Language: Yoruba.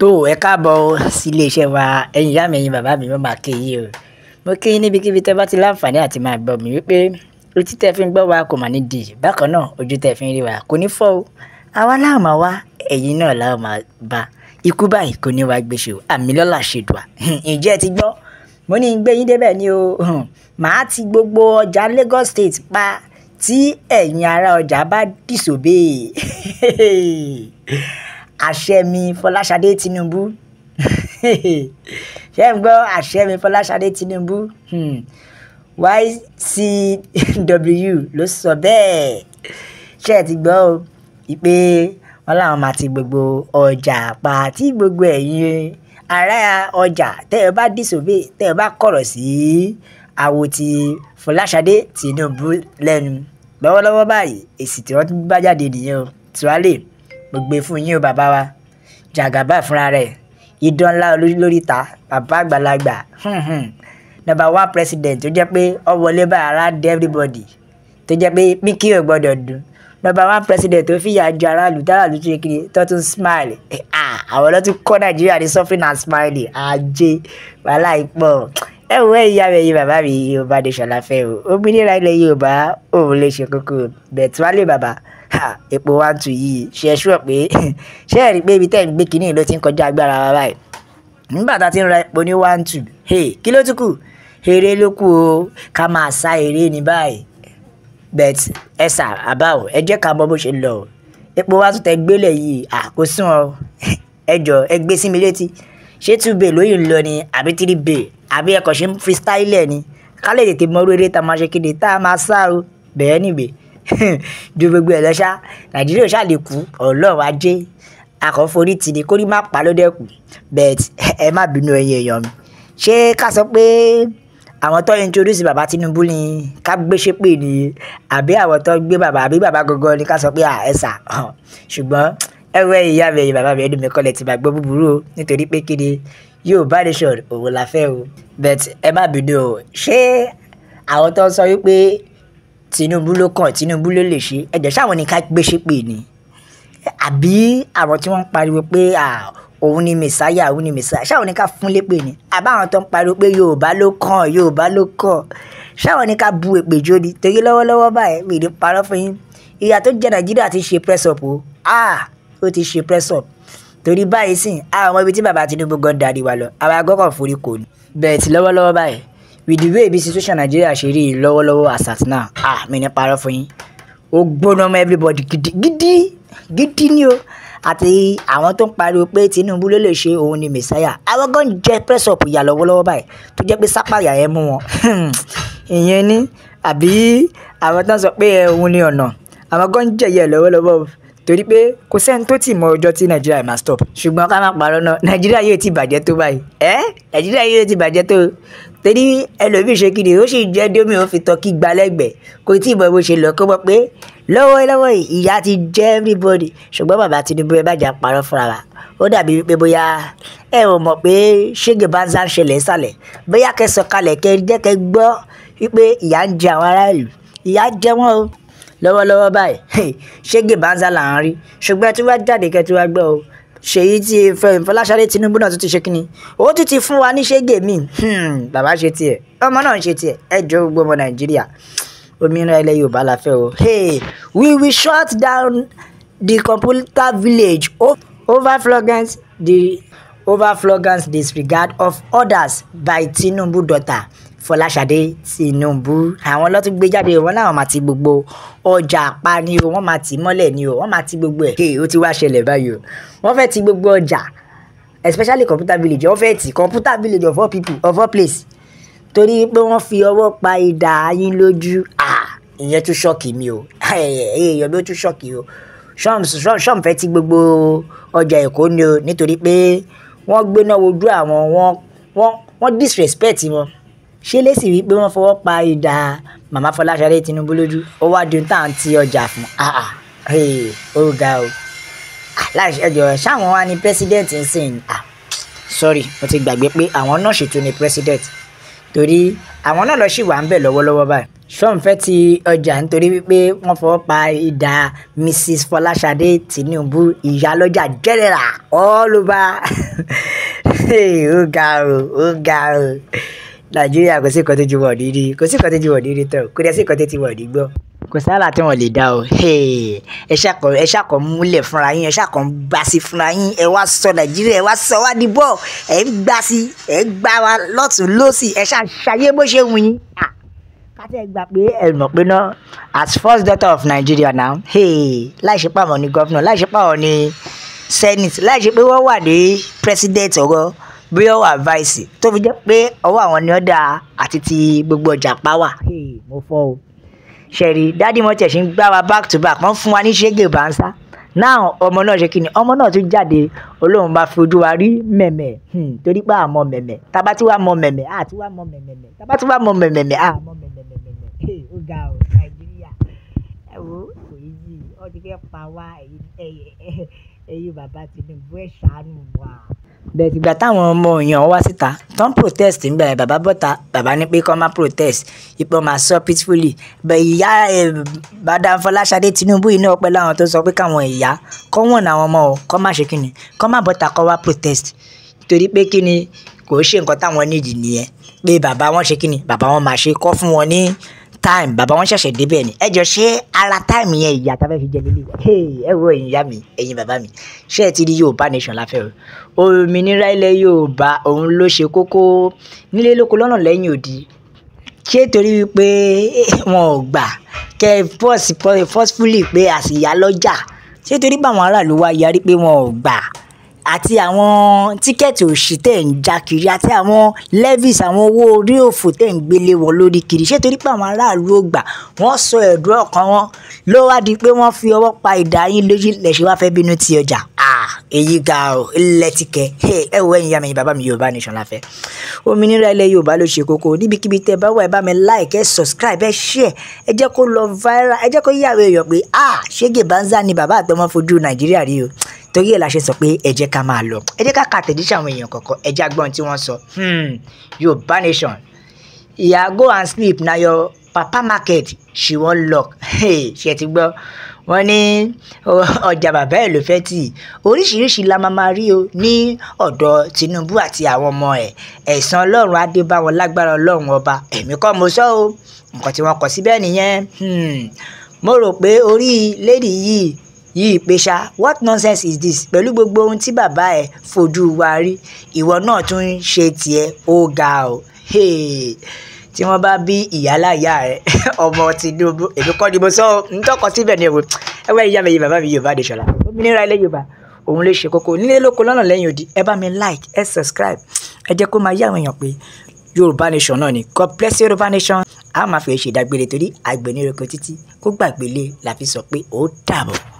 tó ẹ káàbọ̀ sí wa ẹ̀yin ìyá mi ẹ̀yin bàbá mi mo máa kí yín o mo kí yín níbikíbi tẹ́ bá ti láǹfààní àti máa gbọ́ mi wípé etí tẹ́ fi ń gbọ́ wa kò mà ní di bákan náà ojú tẹ́ fi ń rí wa kò ní fọ́ o àwa láwọn máa wá ẹ̀yin náà láwọn máa bá ikú báyìí kò ní wá gbèsè o àmì lọ́la ṣèdùà ǹjẹ́ ti gbọ́ mo ní gbé yín débẹ̀ ni o màá ti gbogbo ọjà Lagos State pa tí ẹ̀yin ará ọjà bá disobey àṣẹmi fọláṣadé tinubu ṣe ń gbọ́ àṣẹmi fọláṣadé tinubu hmm. ycw ló sọ bẹ́ẹ̀ ṣe ti gbọ́ o ìpè wọn làwọn máa ti gbogbo ọjà pa tí gbogbo ẹ̀yin ará ọjà tẹ́ ẹ bá dìsòbè tẹ́ ẹ bá kọ̀rọ̀ sí àwo ti fọláṣadé tinubu lẹ́nu lọ́wọ́lọ́wọ́ báyìí èsì tí wọ́n bá jáde nìyẹn o tí wàá lè mo gbé fún yín o bàbá wa jàgàbá fúnra rẹ̀ idán ńlá lórí ta bàbá àgbàlagbà number one president tó jẹ́ pé ọ wọlé bá ara dé everybody tó jẹ́ pé pínkì ò gbọ́dọ̀ dùn number one president tó fìyà ju aráàlú táráàlú tó yẹ kiri tó tún smile àwọn ọlọ́tún kọ́ nàìjíríà ní suffering and smiling ajé wàhálà ìpọ̀ ẹ wo ẹyà rẹ yìí bàbá mi yorùbá nation la fẹ́ o òmìnira ilẹ̀ yorùbá òun lè ṣe kókó bẹ̀tùwálé bàbá Ah, epo one two yìí ṣe é ṣúọ̀ pé ṣé ẹ̀ rí pé ibi tẹ́ ń gbé kínní ló ti ń kọjá agbára wa báyìí nígbà tá a ti ń ra epo ní one two kí ló tún kù eré ló kù o ká máa sá eré ní báyìí bet ẹ sà àbáwò ẹ jẹ́ ká mọ bó ṣe lọ epo wa tún tẹ gbélé yìí àkóso ẹ jọ ẹ gbé sí mi létí ṣé two bay lóyè ń lọ ni àbí three bay àbí ẹkọ̀ ṣe ń freestyle ẹ̀ ni ká lè tètè mọ orí eré tá a máa ṣe kéde tá a máa sá o bẹ̀ẹ́ nìgbè ju gbogbo ẹ̀ lọ ṣá nàìjíríà ṣáà lè kú ọlọ́run ajé akọ̀forí ti ni kórí má pa ló dẹ́kun but ẹ má bínú ẹ̀yin èèyàn mi ṣé ká sọ pé àwọn tó introduce bàbá Tinubu ni ká gbé ṣépè ni àbí àwọn tó gbé bàbá àbí bàbá gangan ni ká sọ pé ẹ sà ṣùgbọ́n ẹwẹ́ ìyá mi ẹ̀yìn bàbá mi ẹnu mi kọlẹ̀ ti máa gbọ́ búburú o nítorí pé kí ni Yorùbá nation òun la fẹ́ o but ẹ má bínú o ṣé àwọn tó ń sọ wípé Tinubu ló kàn Tinubu ló lè ṣe ẹ̀jẹ̀ sáwọn ni ká gbé ṣépè ni àbí àwọn tí wọ́n ń pariwo pé òun ni mẹ̀sáyà òun ni mẹ̀sáyà ṣáwọn ni ká fún lépè ni àbáwọn tó ń pariwo pé Yorùbá ló kàn Yorùbá ló kàn ṣáwọn ni ká bu èpè jó ni torí lọ́wọ́lọ́wọ́ báyìí mi ò ní parọ́ fún yín ìyà tó jẹ Nàìjíríà ti ṣe press up o ah ó ti ṣe press up torí báyìí sìn àwọn ọmọ ibi tí bàbá Tinubu gan darí wa lọ àwọn agọ́kọ̀ forí kò ní bẹ̀ẹ̀ tí lọ́wọ́lọ́wọ́ báyìí with the way bí situation Nigeria ṣe rí lọ́wọ́lọ́wọ́ as at now ah mi ní parọ́ fún yín ó gbóná mọ́ everybody gidi gidi gidi ni o àti àwọn tó ń pariwo pé Tinubu ló lè ṣe òun ni messiah àwọn gan jẹ press up ìyà lọ́wọ́lọ́wọ́ báyìí tó jẹ́ pé sápàyà ẹ mú wọn ìyẹn ni àbí àwọn tó ń sọ pé òun ni ọ̀nà àwọn gan jẹ̀yẹ lọ́wọ́lọ́wọ́ torí pé kò sẹ́ni tó tì mọ ọjọ́ tí nàìjíríà máa stop ṣùgbọ́n ká má parọ́ náà nàìjíríà yóò ti bàjẹ́ tó báyìí ẹ́ nàìjíríà yóò ti bàjẹ́ tó torí ẹlòmíì ṣe kí ni ó sì jẹ́ dómi ó fi tọ́kí gba lẹ́gbẹ̀ẹ́ kò tí ì mọ bó ṣe lọ kó mọ pé lọ́wọ́lọ́wọ́ ìyá ti jẹ́ everybody ṣùgbọ́n bàbá Tinubu ẹ bá jà parọ́ fúnra wa ó dàbí wípé bóyá ẹ ò mọ̀ pé ṣége bá ń sá ṣẹlẹ̀ sálẹ̀ bóyá kẹsàn kalẹ̀ kẹ jẹ́ kẹ gbọ́ wípé ìyá ń jẹ àwọn aráàlú ìyá jẹ wọ́n o lọ́wọ́lọ́wọ́ báyìí ṣége bá ń sá là ń tí wọ́n jáde kẹ tí wọ́n gbọ́ o ṣèyí tí fọláṣadé tinubu náà tún ti ṣe kínní ó tún ti fún wa ní ṣége mi hmm, bàbá ṣe tiẹ̀ ọmọ náà ṣe tiẹ̀ ẹ jọ gbogbo ọmọ nàìjíríà òmìnira ilẹ̀ yorùbá la fẹ́ o we will shut down the computer village overflogant the overflogant disregard of orders by tinubu daughter fọláṣadé tìǹbù àwọn ló tún gbé jáde wọn láwọn máa ti gbogbo ọjà pa ni o wọ́n máa ti mọ́lẹ̀ ni o wọ́n máa ti gbogbo ẹ̀ kéè ó ti wá ṣẹlẹ̀ báyìí o wọ́n fẹ́ ti gbogbo ọjà especially computer village wọ́n fẹ́ ti computer village of all people of all place torí pé wọ́n fi ọwọ́ pa idà yín lójú ìyẹn tún ṣọ́ọ̀kì mi o èèyàn ló tún ṣọ́ọ̀kì o ṣọ́ọ̀m fẹ́ ti gbogbo ọjà èkó ni o nítorí pé wọ́n gbéná wojú àwọn wọ́n wọ́n disrespect wọn ṣé lèsì rí i pé wọ́n fọwọ́ pa ìdá màmá fọláṣadé tinubu lójú ó wá di tá à ń ti ọjà fún ó ga o láìsí ẹjọ ṣáwọn wá ní pẹ́sidẹ́ǹtì ń sìn sorry mo ti gbàgbé pé àwọn náà ṣètò ní pẹ́sidẹ́ǹtì torí àwọn náà lọ sì wà ń bẹ̀ lọ́wọ́lọ́wọ́ báyìí sean fẹ́ ti ọjà nítorí wípé wọ́n fọwọ́ pa ìdá mrs fọláṣadé tinubu ìyálọ́jà general all over ó ga o ó ga o nàìjíríà kò sí nǹkan tó ju wọn ní rí kò sí nǹkan tó ju wọn ní rí tán kò dẹ̀ sí nǹkan tó ti wọn ní gbọ́ kò sáàlà tí wọn lè dá o ẹ ṣàkọ ẹ ṣàkọ múlẹ̀ fúnra yín ẹ ṣàkọ ń gbà sí fúnra yín ẹ wá sọ nàìjíríà ẹ wá sọ wá ní bọ ẹ ń gbà sí ẹ ń gbà wá lọ́tún lọ́sì ẹ ṣàṣàyé bó ṣe wù yín kátẹ́ gbà pé ẹ mọ̀ pé ná as first daughter of Nigeria now láìṣe pàwọn ní gọ́fìnà láìṣe pàwọn ní senate láìṣe pé wọ́n wà ní president ọ̀rọ̀ Real advice tó fi jẹ́ pé ọwọ́ àwọn ni ọ̀dà àti ti gbogbo ọjà páwà. mo fọ́ o ṣẹ̀rí dádì mọ́tẹ̀ ṣe ń gbá wa back to back wọ́n fún wa ní ṣégè báńsá náà ọmọ náà ṣe kí ni ọmọ náà tún jáde olóhùn bá fi ojú wa rí mẹ̀mẹ̀ hmm, torí pé àmọ́ mẹ̀mẹ̀ tábà tí wàá mọ mẹ̀mẹ̀ àá tí wàá mọ mẹ̀mẹ̀ tábà tí wàá mọ mẹ̀mẹ̀ àá mọ mẹ̀mẹ̀ ó ga o nàìjíríà ẹ wo kò yí yìí ó ti fẹ́ pa wá ẹ̀yin bàbá Tinubu ẹ̀ ṣàánú wa but ìgbà táwọn ọmọ èèyàn wá síta tó ń protest nígbà yẹn bàbá bọ́ta bàbá ní pé kó má protest ipò máa sọ peacefully but ìyá bàdá Fọláṣadé Tinubu yìí náà pẹ́ láwọn tó sọ pé káwọn ìyá kọ́ wọ̀n àwọn ọmọ o kọ́ má ṣe kí ni kọ́ má bọ́ta kọ́ wá protest torí pé kí ni kò ṣe nǹkan táwọn nídìí nìyẹn pé bàbá wọn ṣe kí ni bàbá wọn máa ṣe kọ́ fún wọn ní time bàbá wọn ṣẹ̀ṣẹ̀ débẹ̀ ni ẹ jọ ṣé ara time yẹn ìyá tá a fẹ́ fi jẹ lélẹ̀ ẹ wo ẹ̀yin ìyá mi ẹ̀yin bàbá mi ṣé ẹ ti rí yorùbá nation láfẹ́ o òmìnira ilẹ̀ yorùbá òun ló ṣe kókó nílé lóko lọ́nà lẹ́yìn òdì ṣé torí wípé wọn ò gbà kẹ forcefully pé àṣìyá lọ́jà ṣé torí báwọn aráàlú wa yarí pé wọn ò gbà àti àwọn tíkẹ́ẹ̀tì òṣì tẹ̀ ń já kiri àti àwọn levies àwọn owó orí òfò tẹ̀ ń gbélé wọn lórí kiri ṣé torí pé àwọn aráàlú ò gbà wọ́n sọ ẹ̀dùn ọkàn wọn ló wá di pé wọ́n fi ọwọ́ pa ìdá yín lójú lẹ̀ṣẹ̀ wá fẹ́ bínú ti ọjà èyí ga ọ lẹ́tìkẹ́ ẹ wo ẹ̀yin yàmẹ̀yìn bàbá mi Yorùbá Nation la fẹ́ òmìnira ilẹ̀ Yorùbá ló ṣe kókó níbikíbi tẹ́ bá wà ẹ bá mi like ẹ subscribe ẹ share ẹ jẹ́ kó lọ viral ẹ jẹ́ kó yàwé èèyàn pé ah ṣé gèbánzá ni bàbá àtọmọ fojú Nàìjíríà rí o torí ẹ̀ la ṣe sọ pé ẹ jẹ́ ká máa lọ ẹ jẹ́ ká ka àtẹ̀jíṣẹ́ àwọn èèyàn kọ̀ọ̀kan ẹ jẹ́ agbọ́n tí wọ́n sọ hmm, Yorùbá nation ìyá go and sleep na your papa market she wan lock ṣe ti gbọ́ wọ́n ní ọjà bàbá ẹ̀ ló fẹ́ tì oríṣiríṣi la máa máa rí o ní ọ̀dọ̀ Tinubu àti àwọn ọmọ ẹ̀ ẹ̀san Ọlọ́run adé bá wọn lágbára Ọlọ́run ọba èmi kọ́ mo sọ o nǹkan tí wọ́n kọ síbẹ̀ nìyẹn hmm, mo rò pé orí lady yìí yìí pé what nonsense is this pẹ̀lú gbogbo ohun tí bàbá ẹ̀ fojú wa rí ìwọ náà tún ń ṣe tiẹ̀ ó ga o tí wọ́n bá bí ìyáláyà rẹ̀ ọmọ Tinubu èmi kọ́ ni mo sọ ń tọkọ síbẹ̀ ni ẹ̀wò ẹ̀wọ́ ìyá mi yìí bàbá mi Yorùbá Adéṣọlá òmìnira ilẹ̀ Yorùbá òun ló ṣe kókó nílé lóko lọ́nà lẹ́yìn odi ẹ bá mi like ẹ subscribe ẹ jẹ́ kó máa yá àwọn èèyàn pé Yorùbá Nation náà ni God bless Yorùbá Nation a máa fi ṣèdágbére torí àgbẹ̀niroko títí kó gbàgbélé la fi sọ pé ó dàbọ̀.